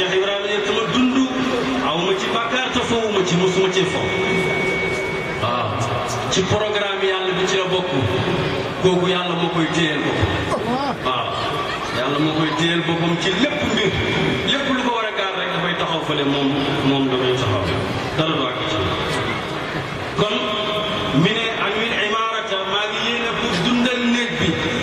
Cheikh Ibrahima ne ah, ci programme yàlla bi ci la bokk kooku yàlla moo koy téyeel boppam waaw ah, yàlla moo koy téyeel boppam ci lépp mbir lépp lu ko a min imarata maa ngi yéene dundal néeg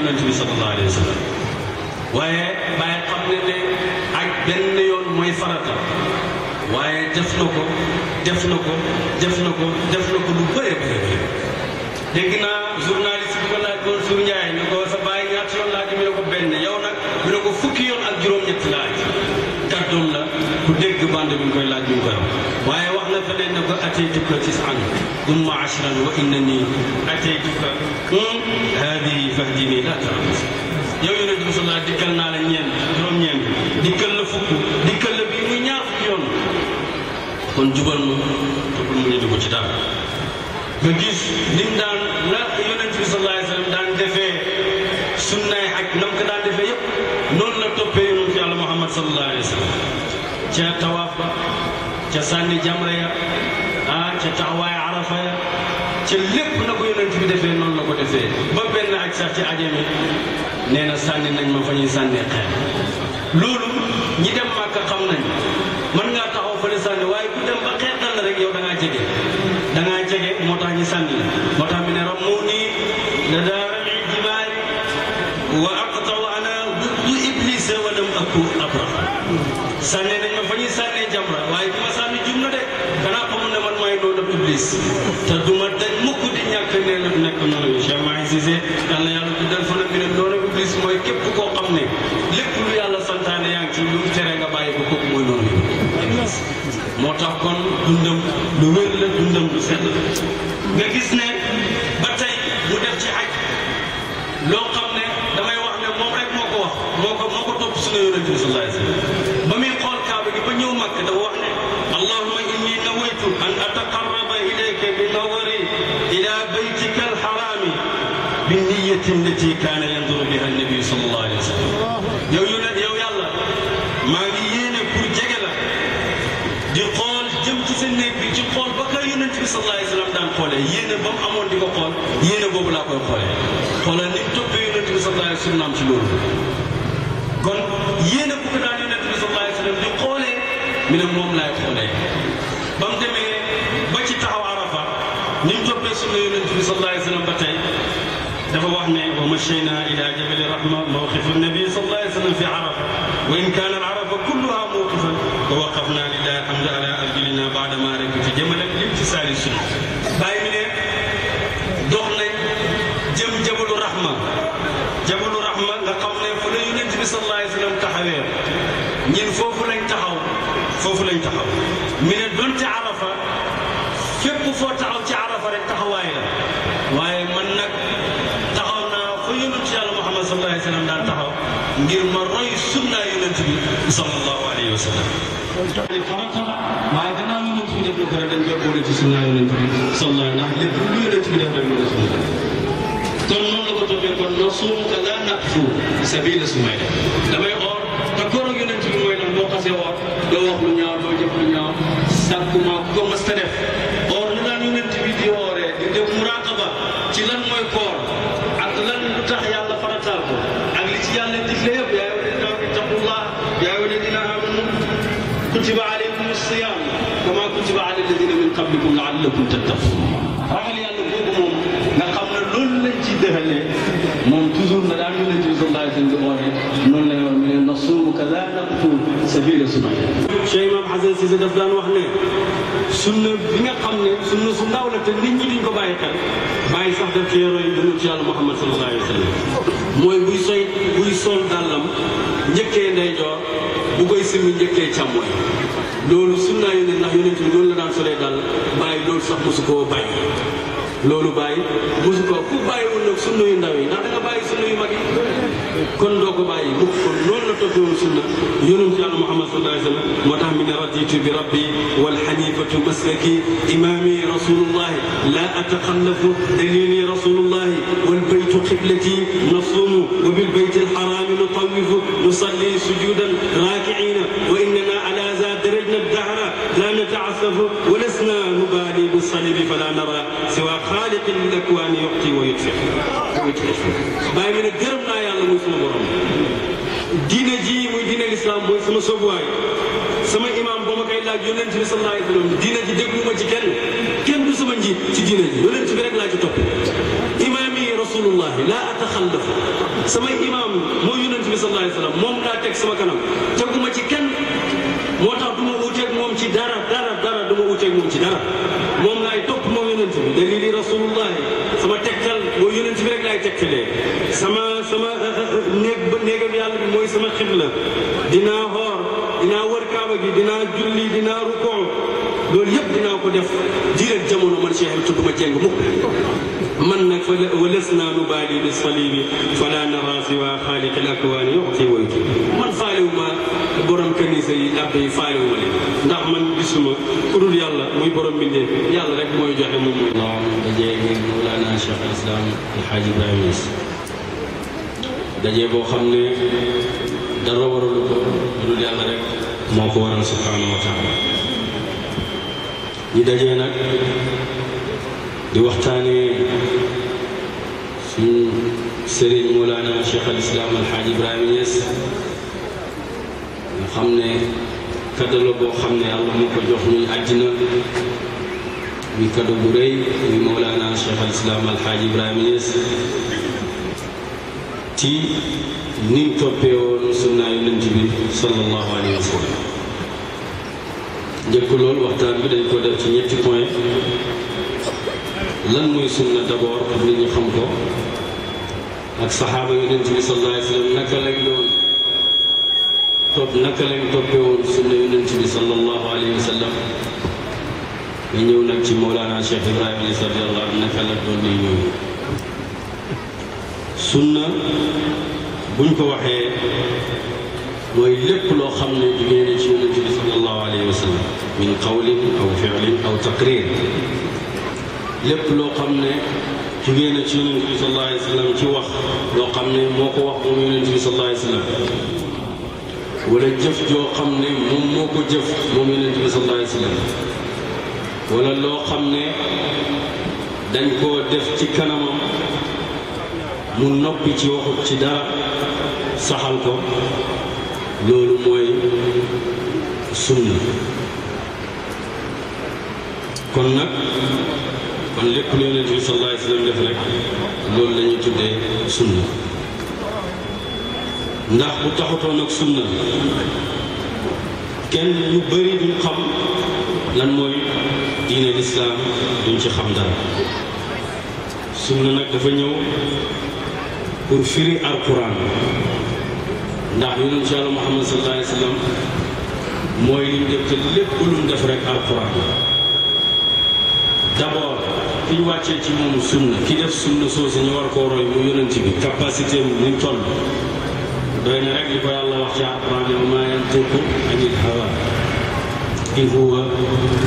yonent bi sallallahu waaye Baye xam ne ak benn yoon mooy farata waaye def na ko def ko def na ko def na ko lu bëree bëri dégg naa journaliste bi ko laajoon Sour Ndiaye ne ko sa baay ñaata ak juróom ku dégg bande bi ñu koy laaj ñu koy أتيتك تسعا ثم عشرا وإنني أتيتك هذه فاهدني لا ترمز yow yonent bi sallallahu dikkal naa la ñeent juróom-ñeent dikkal la fukk dikkal la bii muy yoon kon jubal ma te bul mu ñu dugg ci dara nga gis lim daan na yonent bi sallallahu alayhi wasallam daan defee sunnaay ak nam ko daan defee yëpp noonu la toppee yonent yàlla Muhammad sallallahu alayhi wasallam ca tawaaf ba ca sànni jamra ya ca taxawaay a ya ca lépp na ko yonent bi defee noonu la ko defee ba benn ak sax ci ajami nee na sànni nañ ma fa ñuy sànni xeer te du ma dañ mukk di ñàkk nee na nekk noonu Cheikh Mahi Cissé yàlla yàlla dundal fan ak mbiram noonu iblis mooy képp koo xam ne lépp lu yàlla santaane yaa ngi ci lu mu tere nga bàyyi ko kooku mooy noonu moo tax kon dundam xoolee yéene ba mu amoon di ko xool yéene boobu laa koy xoolee xoolal nit toppee yonent bi sallallahu alayhi wa sallam ci loolu kon yéene bu ko daan yonent bi sallallahu alayhi wa sallam di xoolee mi ne moom laay xoolee ba mu demee ba ci taxaw arafa ni mu toppee sunna yonent bi sallallahu alayhi wa sallam ba tey dafa wax ne wa mashayna ila jabali rahma mawqifu nabi sallallahu alayhi wa sallam fi arafa wa in kaana arafa kulluha mawqifan wa waqafna lillahi alhamdu ala na baadama rek fi jëmale lépp ci saari sunu bàyyi mi ne dox lañ jëm jabalu rahma jabalu rahma nga xam ne fu la yonent bi sallallahu alayhi wa sallam taxawee ñin foofu lañ taxaw foofu lañ taxaw mi ne donte arafa fépp foo taxaw ci arafa rek taxawaay la waaye man nag taxaw naa fa yonent yàlla muhammad sallallahu alayhi wa sallam daan taxaw ngir ma roy sunna yonent bi sallallahu alayhi wa sallam ko rek dañ koy boole ci sunnaa yonent bi sallallahu ndax lépp lu yonent a sunna kon noonu la ko toppee kon noo suum te laa natt fu sabila su may damay or te koor ak yonent bi mooy nag boo xasee or doo wax lu ñaaw doo jëf lu ñaaw la'allakum tattaqun ragal yàlla moom nga xam ne loolu lañ ci dëxalee moom toujours na daal yonent bi sallallahu alayhi wasallam di la yoon mi ne nasuumuka laa naqtul sabiila sunnati Cheikh Imam Hasan Cissé daf daan wax ne sunna bi nga xam ne sunna su ndaw la te nit ñi diñ ko bàyyi xel bàyyi sax daf cee roy dunu ci yàlla Muhammad sallallahu alayhi wasallam mooy buy soy buy sol dàllam njëkkee ndeyjoor bu koy simi loolu sunna yonent ndax yonent bi loolu la daan solee daal bàyyi loolu sax mosu koo bàyyi loolu bàyyi mosu koo ku bàyyiwul nag sunna yu ndaw yi ndax da nga bàyyi sunna yu mag yi kon doo ko bàyyi mukk kon loolu la toppewoon sunna yonent yàlla Muhammad sallallahu alayhi wa sallam moo tax mi ne raditu bi rabbi wal xanifatu maslaki imami rasulullahi la ataqallafu dalili rasulullahi wal baytu qiblati nasumu wa bil bayti alxarami nutawifu nusalli sujudan raakiina سننه ولسنا نبالي بالصليب فلا نرى سوى خالق الاكوان يعطي ويدفع باي من الدرب لا يالله موي سما بروم دينا جي موي دينا الاسلام موي سما سوبواي sama imam ba ma koy laaj yonent bi sallallahu alayhi wa sallam diina ji dégguma ci kenn kenn du sama njiit ci diina ji yonent bi rek laa ci topp imaam yi rasulullah laa ataxallaf sama imam moo yonent bi sallallahu alayhi wa sallam moom laa teg sama kanam teguma ci kenn moo tax du ma wuuteeg moom ci dara wuteeg moom ci dara moom laay topp moom yonent bi dalili rasulullah sama tegtal mooy yonent bi rek laay tegtalee sama sama euh, euh, euh, néeg ba néegam yàlla bi mooy sama xibla dinaa xoor dinaa wër kaaba gi dinaa julli dinaa rukoo loolu yëpp dinaa ko def jiiral jamono man Cheikh bi tudduma jeng mukk man nag fa walasnaa nubaali bi salibi fala nara siwa xaaliqil akwaani yuxti woyti man faalewu ma borom kanisa yi abbe yi faale ndax man gisuma ku dul yàlla muy borom bindee yàlla rek mooy joxe moom mooy. non dajee dajee boo xam ne dara waralu ko lu Mawlana Cheikh al Islam El Hadj xam ne kado boo xam ne yàlla moo ko jox muy àddina muy kado bu rëy muy Mawlana Cheikh al Islam Alxaaji Ibrahima Niass ci ni mu toppee woon sunna yonent bi sallallahu alayhi wa sallam njëkk loolu waxtaan bi dañ ko def ci ñetti point lan mooy sunna d'abord pour nit xam ko ak saxaaba yonent bi sallallahu alayhi wa sallam naka lay doon topp naka lañ toppee woon sunna yonent bi sallallahu alayhi wa sallam ñu ñëw nag ci Mawlana Cheikh Ibrahima Niass radiyallahu anhu naka la doon ne ñooñu sunna buñ ko waxee mooy lépp loo xam ne jugee na ci yonent bi sallallahu alayhi wa sallam min qawlin aw fi'lin aw taqrir lépp loo xam ne jugee na ci yonent bi sallallahu alayhi wa sallam ci wax loo xam ne moo ko wax moom yonent bi sallallahu alayhi wa sallam wala jëf joo xam ne moom moo ko jëf moom yonent bi sallallahu alayhi wala loo xam ne dañ koo def ci kanamam mu noppi ci waxut ci daa saxal ko loolu mooy sunna kon nag kon lépp lu yonent bi sallallahu alayhi wa sallam def rek loolu la tuddee sunna ndax bu taxutoon ak sunna kenn ñu bëri duñ xam lan mooy diine lislaam duñ ci xam dara sunna nag dafa ñëw pour firi alquran ndax yonent ci Yàlla Muhammad sallallahu alayhi wa sallam mooy liñ def te lépp lu def rek alquran d'abord ki ñu wàccee ci moom sunna ki def sunna soosu ñu war koo roy mu yonent bi capacité mu ñu doy na rek li ko yàlla wax ci alquran ne wa maa yantiqu ani l-hawa in huwa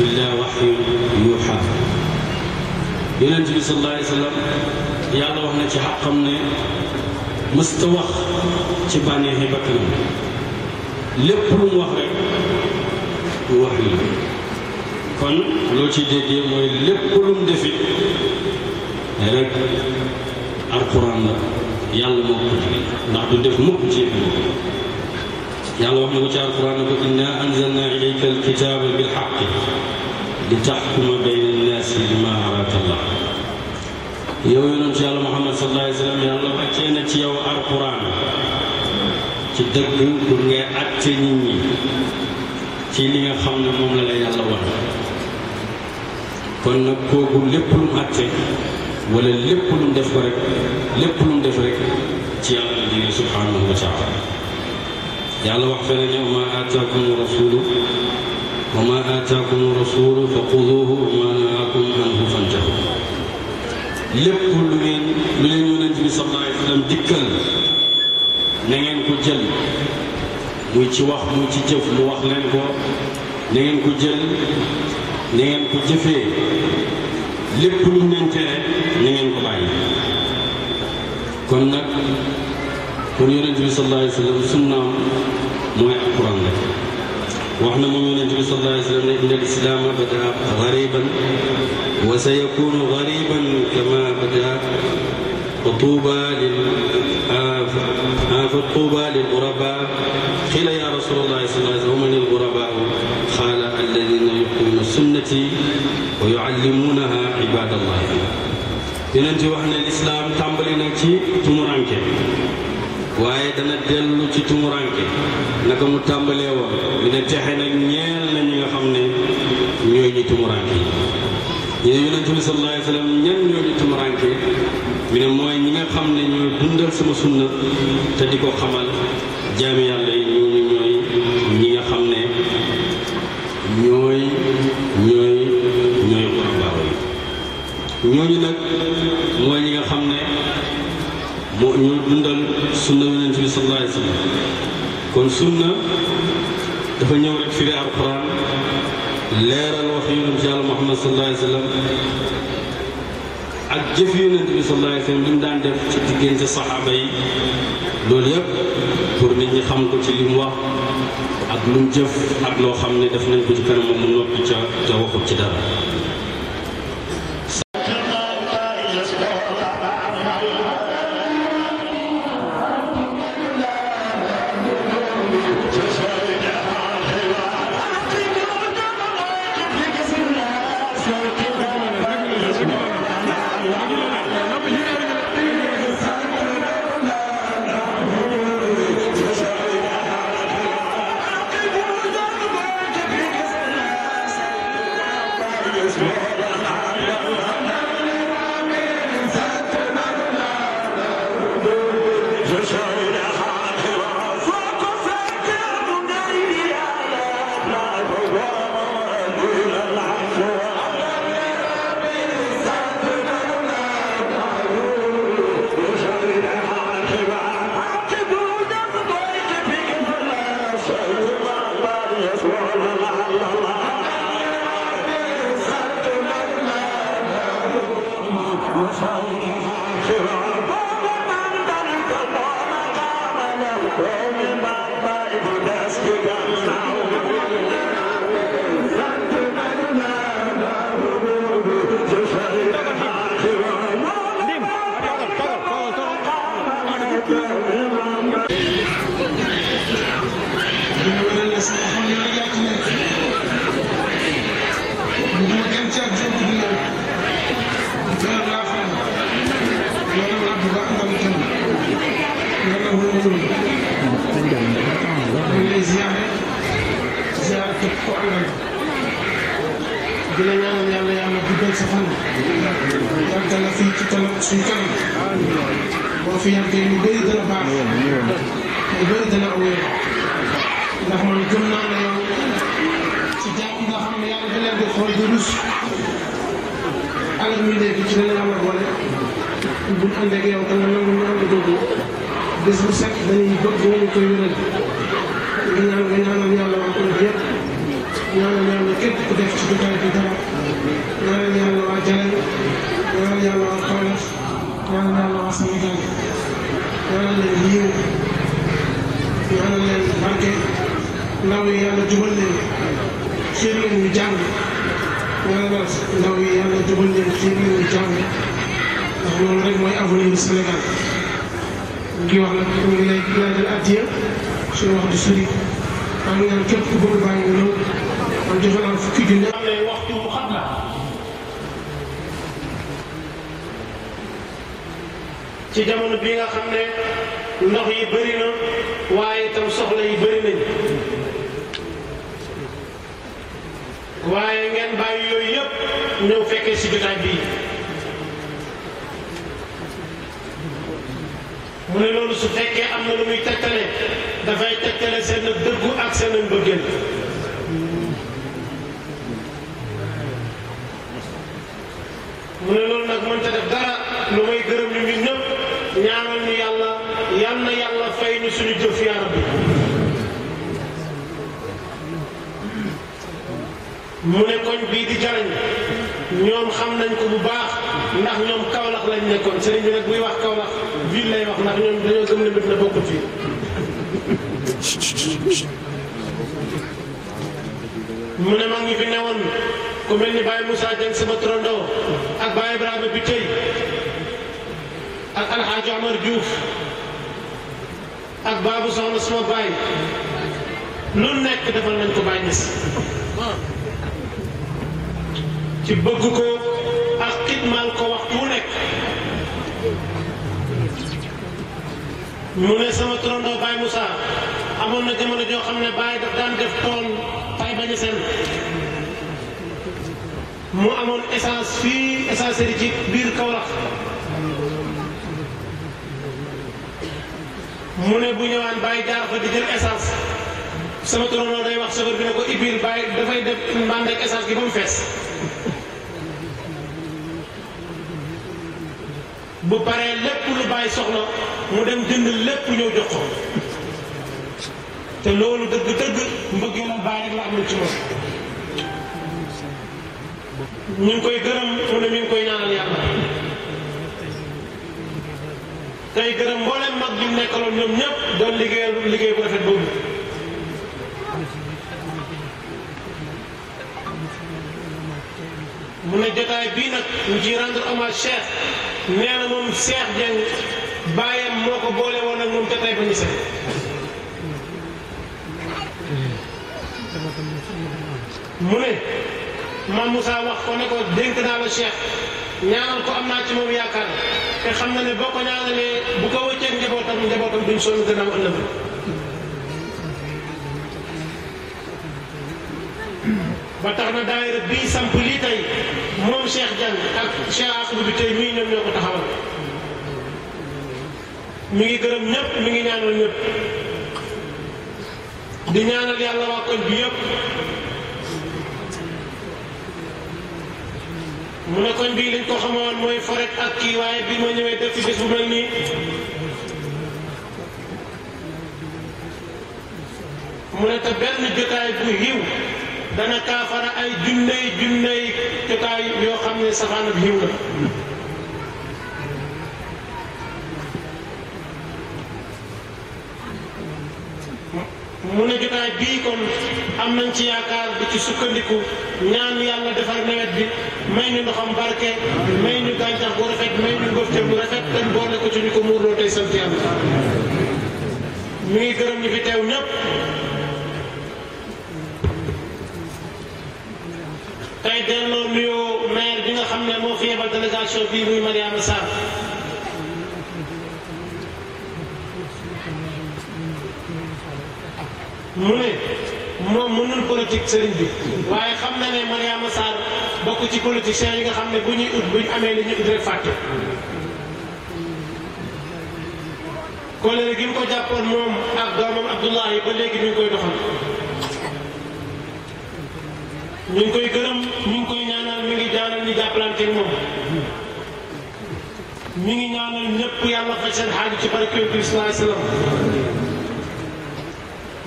illa wahyun yuuha yonent bi sallallahu alayhi wa sallam yàlla wax na ci xàqam ne mësta wax ci bànneexi bakkanam lépp lu mu wax rek wax yi kon loo ci déggee mooy lépp lu mu defit rek alquran la yàlla moo ko digal ci yëpp yàlla wax na ko ci alquran ko inna anzalna ilayka alkitaba bilxaqi li taxkuma bayna annaasi bima araka allah yow yonent yàlla muhammad sallallahu alayhi wa sallam yàlla wàccee na ci yow alquran ci dëgg pour ngay àtte nit ñi ci li nga xam ne la la yàlla kon nag kooku lépp wala lépp lu mu def ko rek lépp lu mu def rek ci la jóge subhanahu wa taala yàlla wax fene ne wa ma aataakum rasulu wa ma rasulu fa ma nahaakum anhu fantahu lépp lu ngeen lu leen yonent bi sallallahu alayhi wa sallam dikkal na ngeen ko jël muy ci wax muy ci jëf mu wax leen ko na ngeen ko jël na ngeen ko jëfee lépp luñ leen tere na ngeen ko bàyyi kon nag kon yonent bi sallallahu alayhi wa sallam sunnaam mooy alquran rek wax na moom yonent bi sallallahu alayhi wa sallam ne inna al-islaama bada'a ghariban wa sayakunu ghariban kama bada'a فطوبى فطوبى للغرباء قيل يا رسول الله صلى الله عليه وسلم ومن الغرباء قال alladina yuqimuuna sunnati wa yuallimuunaha ibadallah na ci tumuranke waaye dana dellu ci tumuranke naka mu tàmbalee woon ñu ne texe nag ñeel na ñi nga xam ne ñooy ñi tumuranke yi ñu ne yonente bi sallallahu alayhi wa sallam ñi tumuranke mi ñi nga xam ne sunna te di ko xamal jaami yàlla yi ñooñu nag nga xam ne moo ñu dundal sunna yonent bi sallallahu alayhi wa kon sunna dafa ñëw rek firi alquran leeral wax yonent ci ak jëf yonent bi sallallahu alayhi wa sallam li mu daan def ci diggante saxaaba yi loolu yëpp pour nit ñi xam ko ci li mu wax ak lu mu jëf ak loo xam ne def nañ ko ci kanam moom mu ca waxut ci dara وخير ñu ngi lay ñu ngi lay ziare ziare képp ku ànd ak di la ñaanal yàlla yàlla guddal sa fan. yàggal la fii ci kanam suñu kanam. boo fi yàggee lu bëri dana baax. lu bëri dana awee ndax man gëm naa ne yow ci jaam nga xam ne yàlla da leen di xool di rus. alal mi léegi ci la ñu amal boole. buñ ànd ak yow dana nangu ñu ànd googu. bés bu set danañ ko danañ koy wéral nga ñaan nga ñaanal yàlla waa Koungheul yëpp ñaanal yàlla képp ku def ci jotaay bi dara ñaanal yàlla waa Jalle ñaanal yàlla waa Kaolack ñaanal yàlla waa Sénégal ñaanal leen yiw ñaanal leen barke ndaw yi yàlla jubal leen xiir leen ñu jàng ñaanal ndaw yi yàlla jubal leen xiir leen ñu jàng ndax loolu rek mooy avenir Sénégal. kii wax nag ñu ngi lay ñaanal addiya wax di sori maa ngi ñaan ku bëgg baa ngi ñëw man joxe naa fukki junne. xam ne waxtu mu xam na ci jamono bi nga xam ne ndox yi bëri na waaye itam soxla yi bëri nañ waaye ngeen bàyyi yooyu yëpp ñëw fekkee si jotaay bii. mu ne loolu su fekkee am na lu muy tegtale dafay tegtale seen dëggu ak seen mbëggeel mu ne loolu nag mënta def dara lu may gërëm ñu ngi ñëpp ñaanal ñu yàlla yal na yàlla fay ñu suñu jëf yaa rabbi mu ne koñ bii di jariñ ñoom xam nañ ko bu baax ndax ñoom Kaolack lañ nekkoon sëriñ bi nag buy wax Kaolack ville lay wax ndax ñoom dañoo ne bokkut fii mu ne ma ngi fi newoon ku mel ni Baye Moussa Dieng sama trondoo ak Baye Ibrahima bi tey ak Alxaaji Omar Diouf ak Babou Soxna sama baay lu nekk defal nañ ko Baye Niass ci bëgg ko maa ngi ko waxtu wu nekk mu ne sama turandoo Baye na jamono joo xam ne Baye daf daan def tool fay amoon essence fii essence yi ci biir Kaolack mu ne bu ñëwaan Baye jaar fa di jël essence sama turandoo day wax chauffeur bi ne ko Ibil Baye dafay def mbàndeeg essence gi ba mu fees. bu paree lépp lu bàyyi soxla mu dem jënd lépp ñëw jox te loolu dëgg-dëgg mbëggeelam bàyyi rek la am ci moom ñu koy gërëm mu ne mi ngi koy ñaanal yàlla tey gërëm mboolem mag bi nekkaloon ñoom ñëpp doon liggéeyal liggéey bu rafet boobu mu ne jotaay bii nag ñu ciy rendre hommage Cheikh nee na moom Cheikh Dieng bàyyam moo ko boole woon ak moom te tey mu ne maam Moussa wax ko ne dénk naa la Cheikh ñaanal ko am naa ci moom yaakaar te xam na ne boo ko ñaanalee bu ko wëcceeg njabootam njabootam duñ sonn gannaaw ëllëg. ba tax na daayira bii samp lii bu Cheikh Diagne ak Cheikh Ahmadou bi tey mii ñoom ñoo ko taxawal mi ngi gërëm ñëpp mi ngi ñaanal ñëpp di ñaanal yàlla waa koñ bi yëpp mu ne koñ bii liñ ko xamoon mooy foret ak kii waaye bi ma ñëwee def fi bés bu nii mu ne te benn jotaay bu yiw dana kaafara ay junney junney jotaay yoo xam ne safaan bi la mu ne jotaay bii kon am nañ ci yaakaar bi ci sukkandiku ñaan yàlla defar nawet bi may ñu ndoxam barke may ñu gàncax bu rafet may ñu ngóob bu rafet dañ boole ko ci ñu ko muurloo tey sant yàlla mi ngi gërëm ñu fi teew ñëpp. tey delloo nuyoo maire bi nga xam ne moo fi yebal délégation bii muy Mariama Sarr mu ne moom mënul politique sëriñ bi waaye xam na ne Mariama Sarr bokk ci politiciens yi nga xam ne bu ñuy ut bu ñu amee li ñu ut rek fàtte kóllëre gi mu ko jàppoon moom ak doomam Abdoulahi ba léegi ñu ngi koy doxal ñu ngi koy gërëm jàppalanteeg moom mi ngi ñaanal ñëpp yàlla faj seen xaaju ci barke Yonent bi sallallahu alayhi wa sallam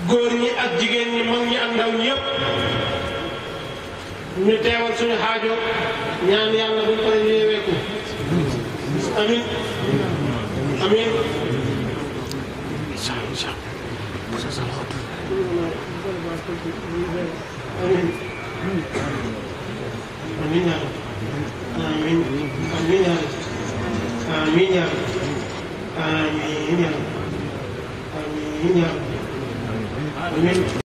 góor ñi ak jigéen ñi mag ñi ak ndaw ñëpp ñu teewal suñu xaajo ñaan yàlla buñ pare ñu yeweeku amin amin amin amin آمين آمين يا رب آمين يا رب آمين يا رب آمين يا رب آمين